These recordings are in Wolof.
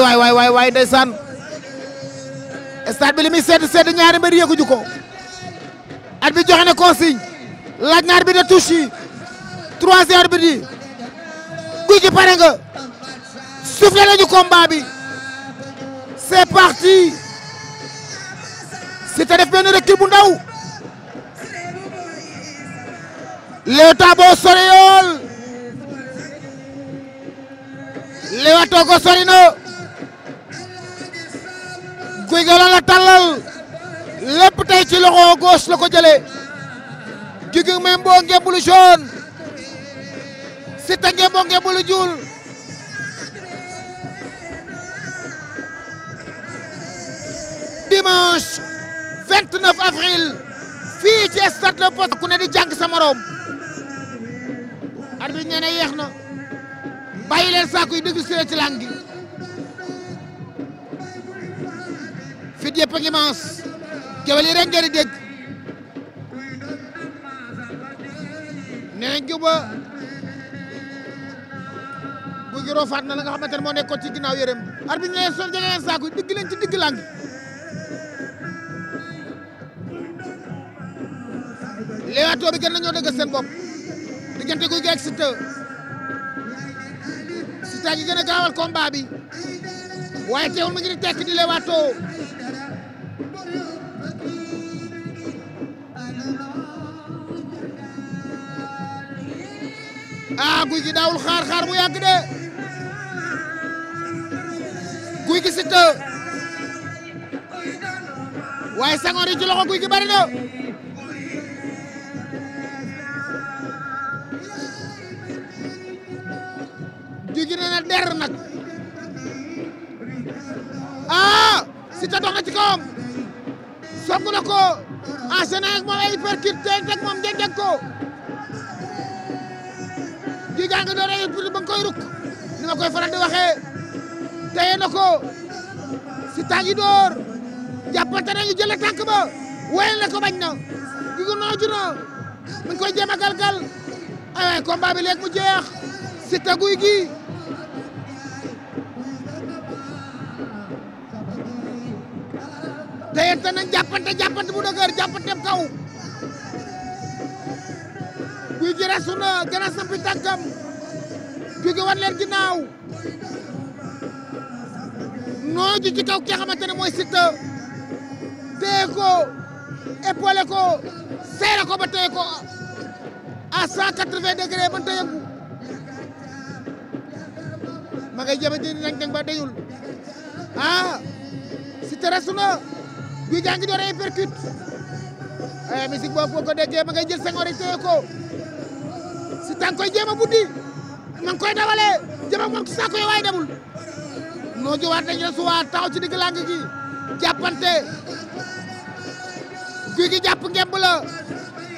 waay waay waay waay ndeysaan stade bi li muy sedd sedd ñaari mbër yëguñu ko at bi joxe na consigne ñaar bi de touche yi trois heures bi di guy gi pare nga soufflé nañu combat parti Siteu def benn recul bu ndaw Leewtoo boo sori yool Leewtoo ko guy ga la tàllal lépp tey ci loxo gauche la ko jëlee Gouy Gui même boo ngebulu jaune Siteu ngeen boo ngebulu juul dimanche avril fii ci stade Le Poste ku ne di jàng sa morom arbitre nee na yeex na bàyyi leen saako yi si ci làng gi fit yëpp a ngi maas gewel yi rek ngeen di dégg nee nañ juba bu gi na la ne moo nekkoon ci ginnaaw yërëm arbitre ne sol jege leen saako digg leen ci bi gën nañoo dëgg seen bopp diggante guy gi ak Siteu Siteu gi a gaawal combat bi waaye teewul mu ngi di tekk di ah guy gi daawul xaar xaar bu yàgg de guy gi Siteu waaye sangoor yi ci loxo guy gi bari na jugi na na der nag ah Siteu dox na ci kawam song na ko ah, enchaîné ak moom ay percute teg moom jëndee ko. ji gaa ngi doon rek pour ba koy rukk ni ma koy faral di waxee téye na ko si tàngi jàppante nañu jële tànk ba wéyal na ko na gi ko na mi koy jéem a ay waay combat bi léegi mu jeex si taguy gi téyante nañ jàppante jàppante bu dëgër jàppante kaw guy gi rasu na a sampi tànkam jóge wan leen ginnaaw noo ju ci kaw mooy Siteu téye ko épaulé ko seere ko ba téye ko à cent quatre-vingts degré mën ta yëngu ma ngay jëme di ba dayul ah Siteu rasu na guy gaa ngi door ay percute eh, musique boobu ko déggee ma si tànk koy jéem a buddi ma ngi koy dawalee jéem a moom ci saako yi waaye demul noo jiwaat nañ la suwaa taxaw ci digg làng gi jàppante guy gi jàpp ngemb la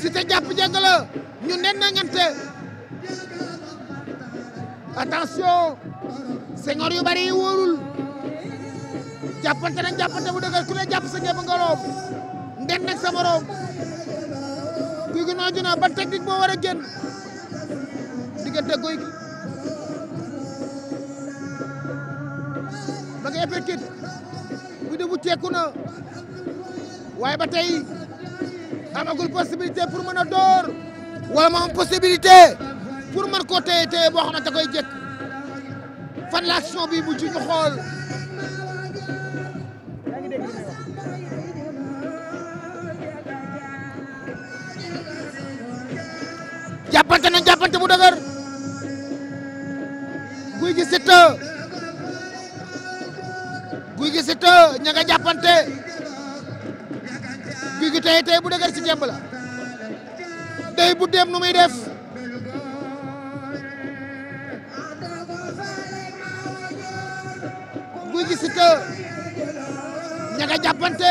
si te jàpp jeng la ñu nen na ngante attention sengoor yu bari yi wóorul jàppante nañ jàppante bu dëgër ku ne jàpp sa ngemb nga room nden sa morom guy gi nooju na ban technique moo war a génn diggante guy gi bu dee bu na waaye ba tey amagul possibilité pour mën a door wala ma am possibilité pour mën koo téye téye boo xamante koy jëkk fan la bi mu ci ñu xool jàppante na jàppante guy gi Siteu guy gi Siteu ña nga jàppante guy gi tey bu dëgër si jemb la bu dem nu muy def guy gi Siteu ña nga jàppante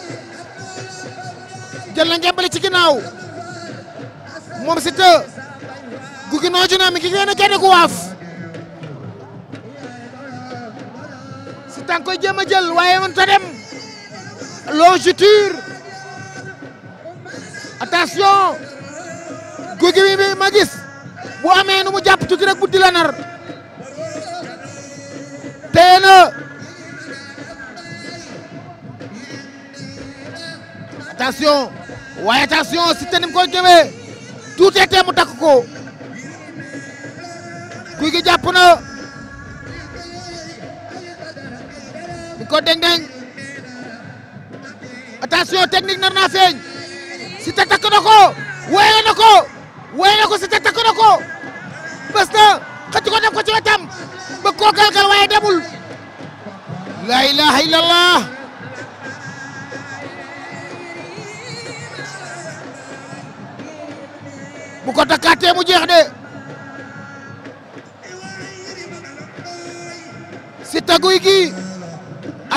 jël na ngembali ci ginnaaw moom Siteu gugi nooju na mi ngi gën a génne ku waaf Siteu nga koy jéem a jël waaye man dem longiture attention gugi bi ma gis bu amee nu mu jàpp tuuti rek buddi la na attention waaye attention Siteu ni mu koy jëmee tuutee tee mu ko Gouye Gui jàpp na mi ko deng-deng attention technique nar naa feeñ Siteu takk ko wéyee na ko wéyee na ko Siteu takk na ko bés na xëcc ko ko ci wetam bëgg koo galgal waaye demul la ilaha bu ko takkaatee mu jeex de Siteu Gouye Gui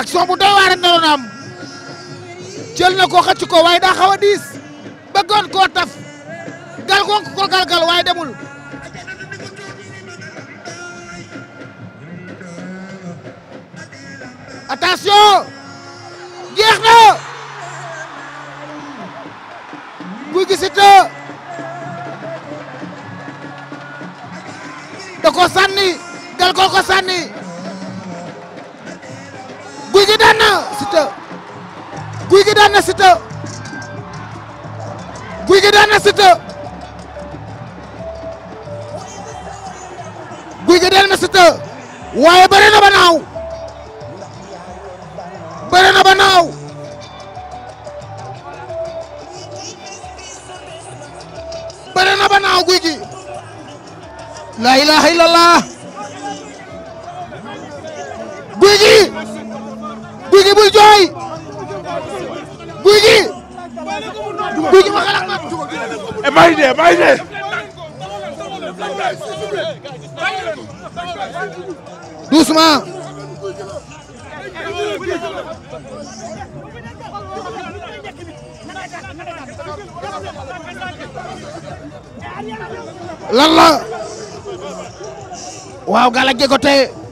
action bu doy waar na doon am na ko xëcc ko waaye daa xaw diis bëggoon koo taf galgoon ko galgal waaye demul attention jeex na Gouye Gui Siteu ko sànni gal ko ko sànni guy gi daan na guy gi daan na guy gi daan na waaye bëri na ba naaw bëri na ba naaw la ilaha illallah guy gi guy gi bul jooy guy gi guy gi waxal ak man bàyyi dee bàyyi waaw Galaye Diego tey